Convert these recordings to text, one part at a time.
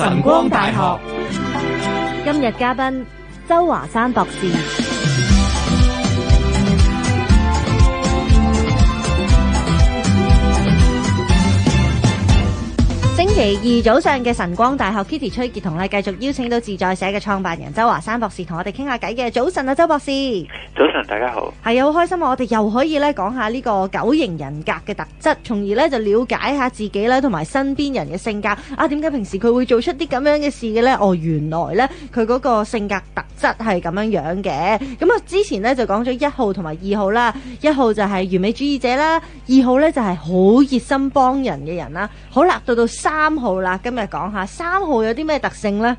晨光大學今日嘉賓周華山博士。星期二早上嘅晨光大學，Kitty 崔傑同咧繼續邀請到自在社嘅創辦人周華山博士同我哋傾下偈嘅。早晨啊，周博士。早晨，大家好。係啊，好開心啊！我哋又可以咧講下呢個九型人格嘅特質，從而咧就了解下自己咧同埋身邊人嘅性格。啊，點解平時佢會做出啲咁樣嘅事嘅呢？哦，原來呢，佢嗰個性格特質係咁樣樣嘅。咁啊，之前呢就講咗一號同埋二號啦。一號就係完美主義者啦，二號呢就係好熱心幫人嘅人啦。好啦，到到三。三號啦，今日講下三號有啲咩特性咧？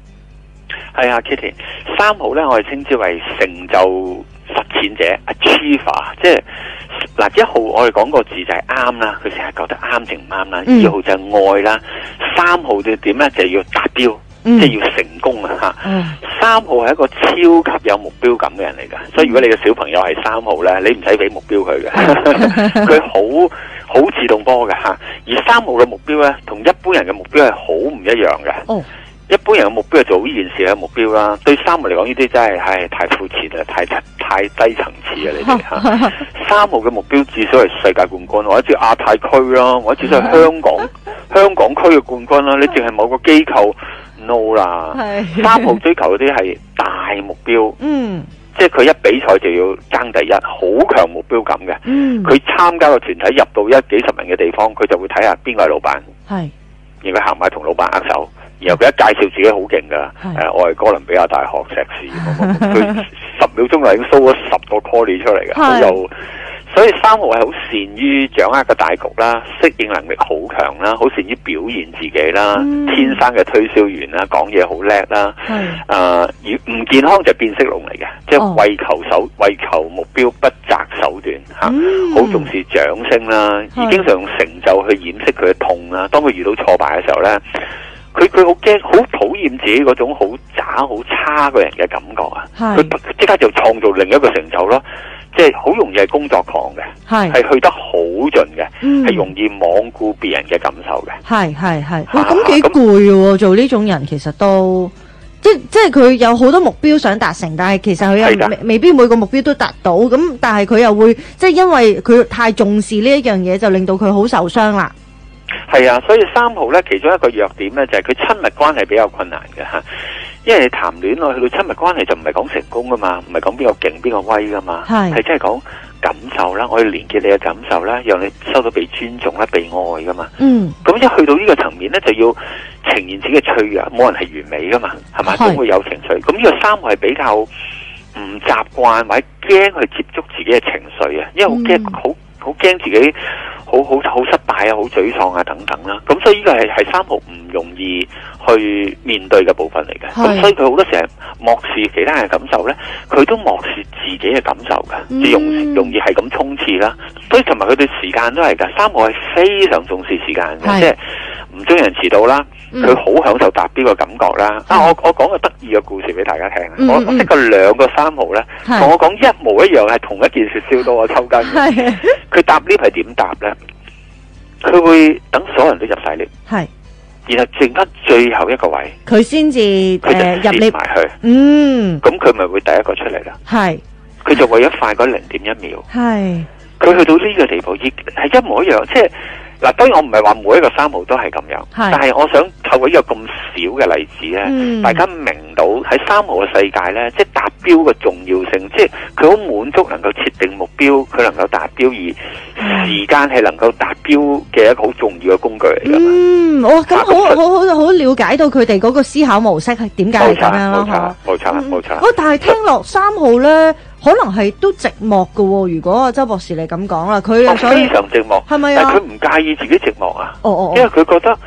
係啊，Kitty，三號咧我哋稱之為成就實踐者，Achiever，即係嗱一號我哋講個字就係啱啦，佢成日覺得啱定唔啱啦。嗯、二號就係愛啦，三號就點咧就係要達標，嗯、即係要成功啊！吓、嗯，三號係一個超級有目標感嘅人嚟噶，所以如果你嘅小朋友係三號咧，你唔使俾目標佢嘅，佢好。 好自動波嘅，而三號嘅目標咧，同一般人嘅目標係好唔一樣嘅。Oh. 一般人嘅目標係做呢件事嘅目標啦，對三號嚟講，呢啲真係太膚淺啦，太太，太，太低層次啊！呢啲三號嘅目標至少係世界冠軍，或者亞太區咯，或者甚至香港 香港區嘅冠軍啦。你淨係某個機構 no 啦，三號追求嗰啲係大目標。 嗯。即係佢一比賽就要爭第一，好強目標感嘅。佢參、嗯、加個團體入到一幾十人嘅地方，佢就會睇下邊個係老闆，是然佢行埋同老闆握手，然後佢一介紹自己好勁噶。誒是、呃，我係哥倫比亞大學碩士，佢是好十秒鐘就已經 show 咗十個 point 出嚟嘅，又的。所以三號係好善於掌握個大局啦，適應能力好強啦，好善於表現自己啦，嗯、天生嘅推銷員啦，講嘢好叻啦。誒是、呃，而唔健康就是變色龍嚟嘅，即係為求手為求目標不擇手段吓，好、嗯啊、重視掌聲啦，是而經常用成就去掩飾佢嘅痛啦、啊。當佢遇到挫敗嘅時候咧，佢佢好驚，好討厭自己嗰種好渣好差嘅人嘅感覺啊！佢即是刻就創造另一個成就咯。即係好容易係工作狂嘅，係係去得好盡嘅，係容易罔顧別人嘅感受嘅，係係係，咁幾攰嘅，做呢種人其實都即即係佢有好多目標想達成，但係其實佢又未未必每個目標都達到，咁但係佢又會即係因為佢太重視呢一樣嘢，就令到佢好受傷啦。係啊，所以三號咧，其中一個弱點咧就係、是、佢親密關係比較困難嘅吓，因為你談戀愛去到親密關係就唔係講成功噶嘛，唔係講邊個勁邊個威噶嘛，係即係講感受啦，我要連結你嘅感受啦，讓你收到被尊重啦、被愛噶嘛。嗯，咁一去到呢個層面咧，就要呈現自己嘅脆弱，冇人係完美噶嘛，係咪？都是會有情緒。咁呢個三號係比較唔習慣或者驚去接觸自己嘅情緒啊，因為好驚好。嗯好驚自己好好失敗啊，好沮喪啊等等啦，咁所以呢個係係三號唔容易去面對嘅部分嚟嘅，咁是所以佢好多時係漠視其他人嘅感受呢，佢都漠視自己嘅感受㗎，容容易係咁衝刺啦，嗯、所以同埋佢對時間都係噶，三號係非常重視時間嘅，即係唔中意人遲到啦。佢好享受達標嘅感覺啦，但我我講個得意嘅故事俾大家聽。我我識個兩個三號咧，同我講一模一樣，係同一件事，燒到我抽筋。佢搭 lift 點搭咧？佢會等所有人都入晒 lift，係，然後剩翻最後一個位，佢先至誒入你埋去。嗯，咁佢咪會第一個出嚟啦？係，佢就為咗快嗰零點一秒。係，佢去到呢個地步，亦係一模一樣，即係。嗱，當然我唔係話每一個三號都係咁樣，但係我想透過呢個咁少嘅例子咧，大家明到喺三號嘅世界咧，即係達標嘅重要性，即係佢好滿足能夠設定目標，佢能夠達標而時間係能夠達標嘅一個好重要嘅工具嚟嘅。嗯，哇，咁好，好好好，了解到佢哋嗰個思考模式係點解係咁樣咯吓。冇錯冇錯冇錯，哦，但係聽落三號咧。可能係都寂寞噶、哦，如果阿周博士你咁講啦，佢非常寂寞，係咪啊？但佢唔介意自己寂寞啊？哦哦，因為佢覺得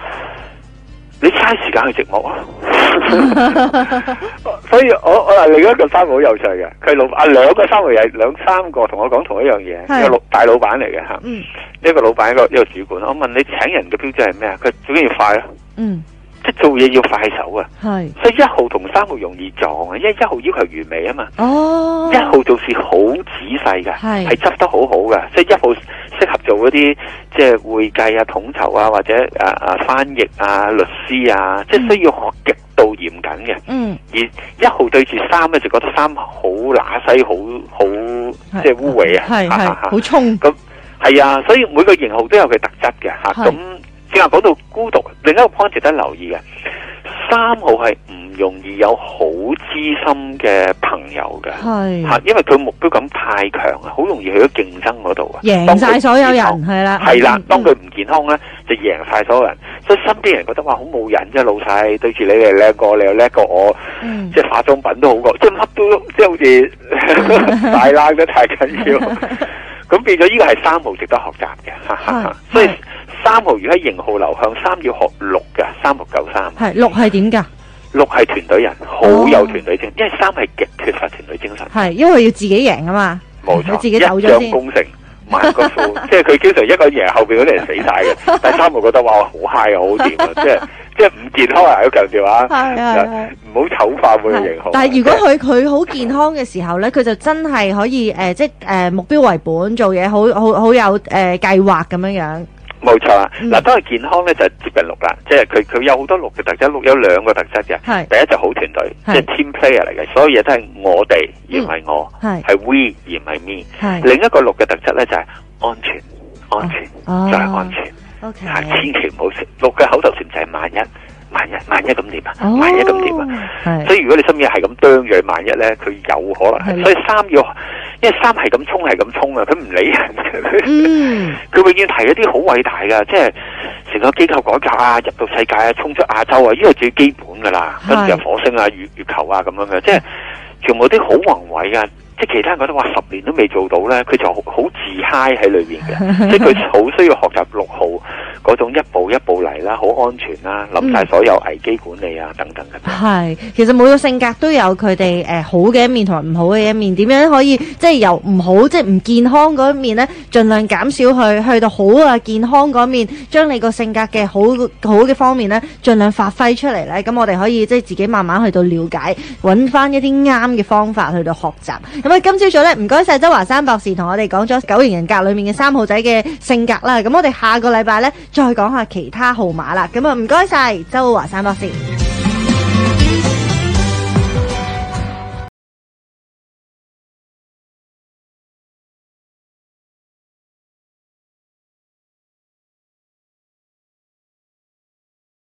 你嘥時間去寂寞咯。所以我我另一個三個好有趣嘅，佢老啊兩個三個有兩三個同我講同一樣嘢。是一個大老闆嚟嘅，嗯，一個老闆一個一個，一個主管。我問你請人嘅標準係咩啊？佢最緊要快咯。嗯。即係做嘢要快手啊，是所以一號同三號容易撞啊，因為一號要求完美啊嘛，一、哦、號做事仔細是好仔細㗎，係執得好好㗎。即係一號適合做嗰啲即係會計啊、統籌啊或者誒誒翻譯啊、律師啊，即係需要學極度嚴謹嘅。嗯，而一號對住三咧就覺得三好乸西好好即係污尾啊，係係好衝咁係啊，所以每個型號都有佢特質嘅吓咁。是啊嗯正話講到孤獨，另一個 point 值得留意嘅，三號係唔容易有好知心嘅朋友嘅，係吓，因為佢目標感太強啊，好容易去到競爭嗰度啊，贏晒所有人，係啦，係啦，當佢唔健康咧，就贏晒所有人，所以身邊人覺得話好冇癮啫，老細對住你哋兩個，你又叻過我，即係化妝品都好過，即係乜都，即係好似大拉得太緊要，咁變咗呢個係三號值得學習嘅，所以。三號如果型號流向三要學六噶，三六九三係六係點噶？六係團隊人，好有團隊精神，因為三係極缺乏團隊精神。係因為佢要自己贏啊嘛，冇錯自己走咗一將功成萬骨枯，即係佢經常一個人贏，後邊嗰啲人死晒嘅。但三號覺得哇，好嗨，好掂啊，即係即係唔健康係好強調啊，唔好醜化每個型號。但係如果佢佢好健康嘅時候咧，佢就真係可以誒，即係誒目標為本做嘢，好好好有誒計劃咁樣樣。冇錯啦，嗱，當係健康咧就係接近六啦，即係佢佢有好多六嘅特質，六有兩個特質嘅，第一就好團隊，即係 team player 嚟嘅，所有嘢都係我哋而唔係我，係 we 而唔係 me。另一個六嘅特質咧就係安全，安全就係安全，係千祈唔好食。六嘅口頭禪就係萬一，萬一，萬一咁點啊？萬一咁點啊？所以如果你心入係咁當讓萬一咧，佢有可能，所以三要。即係三係咁衝係咁衝啊！佢唔理，佢、嗯、 永遠提一啲好偉大噶，即係成個機構改革啊，入到世界啊，衝出亞洲啊，呢個最基本噶啦，是跟住火星啊、月月球啊咁樣嘅，即係是全部啲好宏偉噶。即係其他人覺得話十年都未做到咧，佢就好自 high 喺裏邊嘅，即係佢好需要學習六號嗰種一步一步嚟啦，好安全啦，諗曬所有危機管理啊等等嘅。係，其實每個性格都有佢哋誒好嘅一面同埋唔好嘅一面，點樣可以即係由唔好即係唔健康嗰一面咧，儘量減少去去到好啊健康嗰面，將你個性格嘅好好嘅方面咧，儘量發揮出嚟咧。咁我哋可以即係自己慢慢去到了解，揾翻一啲啱嘅方法去到學習咁。今朝早呢，唔該晒周華山博士同我哋講咗九型人格裏面嘅三號仔嘅性格啦。咁我哋下個禮拜呢，再講下其他號碼啦。咁啊，唔該晒周華山博士。